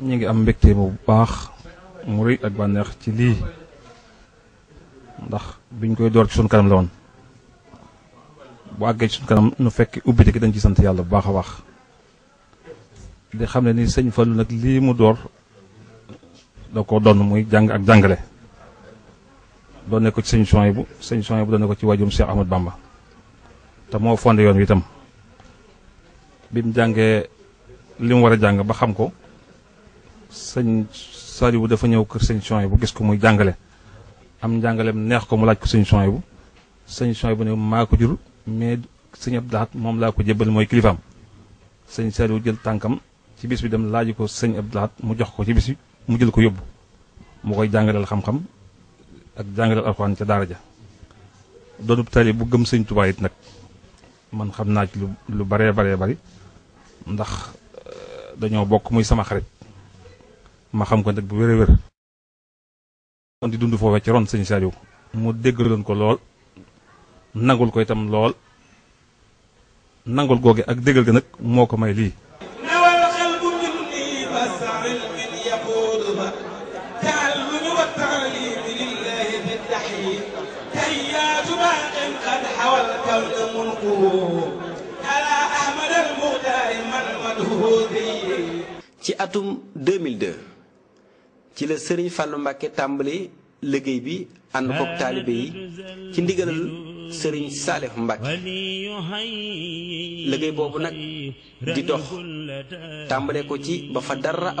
ñu ngi am mbégte bu baax mu rëy ak bànneex ci lii ndax biñ koy door ci suñu kanam la woon bu àggee ci suñu kanam nu fekk ubbite ki dañ ci sant yàlla bu baax a baax di xam ne ni sëñ Fallou nag lii mu door da ko donn muy jàng ak jàngale doon nekk ko ci sëñ Souhaïbou bu sëñ Souhaïbou bu doon ne ko ci wajum Cheikh Ahmad Bamba te moo fonde yoon wi itam bi mu jàngee li mu war a jàng ba xam ko sëñ Saliou dafa ñëw kër sëñ Souhaïbou bu gis ko muy jàngale am njàngaleem neex ko mu laaj ko sëñ Souhaïbou bu sëñ Souhaïbou bu ne maa ko jur mais sëñ Abdou moom laa ko jëbbal mooy kilifaam sëñ Saliou jël tànkam ci bis bi dem laaj ko sëñ Abdou mu jox ko ci bis bi mu jël ko yóbbu mu koy jàngaleel xam-xam ak jàngaleel alxuraan ca daara ja doonub tali bu gëm sëñ Tuubaa nag man xam naa ci lu lu baree baree bari ndax eh, dañoo bokk muy sama xarit ma xam ko nag bu wér wér kon di dund foofee ci ron sëñ Saliou mu déggaloon ko lool nangul ko itam lool nangul googe ak déggal ga nag moo ko may lii ci atum 2002 ci la sëriñ Fallou Mbacke tàmbali liggéey bi ànd kook taalibe yi ci ndigalal sëriñ Salif Mbacke liggéey boobu nag di dox tàmbale ko ci ba fa dara